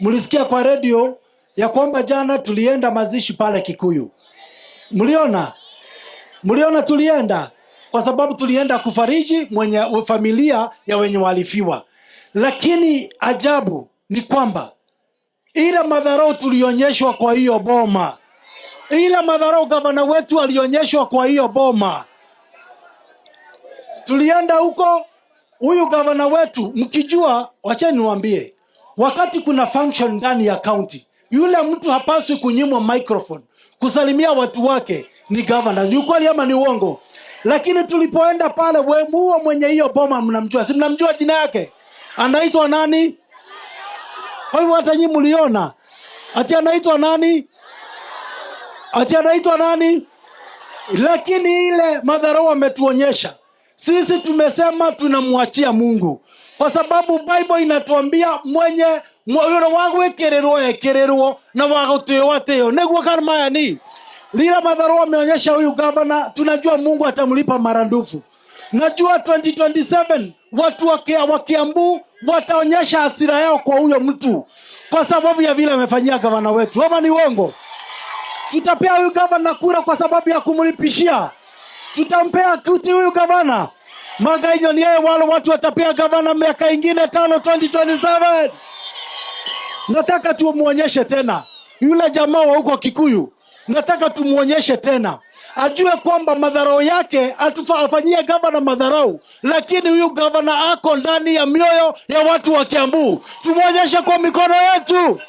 Mlisikia kwa redio ya kwamba jana tulienda mazishi pale Kikuyu, mliona, mliona tulienda kwa sababu tulienda kufariji mwenye familia ya wenye walifiwa, lakini ajabu ni kwamba ile madharau tulionyeshwa kwa hiyo boma, ile madharau gavana wetu alionyeshwa kwa hiyo boma. Tulienda huko, huyu gavana wetu mkijua, wacheni niwaambie Wakati kuna function ndani ya county, yule mtu hapaswi kunyimwa microphone kusalimia watu wake. Ni gavana, ni ukweli ama ni uongo? Lakini tulipoenda pale, we muo mwenye hiyo boma mnamjua, si mnamjua jina yake, anaitwa nani? Kwa hivyo hata nyinyi mliona ati anaitwa nani, ati anaitwa nani? Lakini ile madharau ametuonyesha sisi tumesema tunamwachia Mungu kwa sababu Bible inatuambia mwenye wira wagwikirirwo ekirirwo na wagutiwa atio niguo karmaya ni lila madharo ameonyesha huyu gavana, tunajua Mungu atamlipa marandufu. Najua 2027 watu wa Kiambu wataonyesha asira yao kwa huyo mtu kwa sababu ya vile amefanyia gavana wetu, ama ni wongo Tutapea huyu gavana kura kwa sababu ya kumlipishia, tutampea kuti huyu gavana mwaka ni yeye wale watu watapea gavana miaka ingine tano 2027. Nataka tumwonyeshe tena yule jamaa wa huko Kikuyu, nataka tumwonyeshe tena ajue kwamba madharau yake afanyie gavana madharau, lakini huyu gavana ako ndani ya mioyo ya watu wa Kiambu. Tumwonyeshe kwa mikono yetu.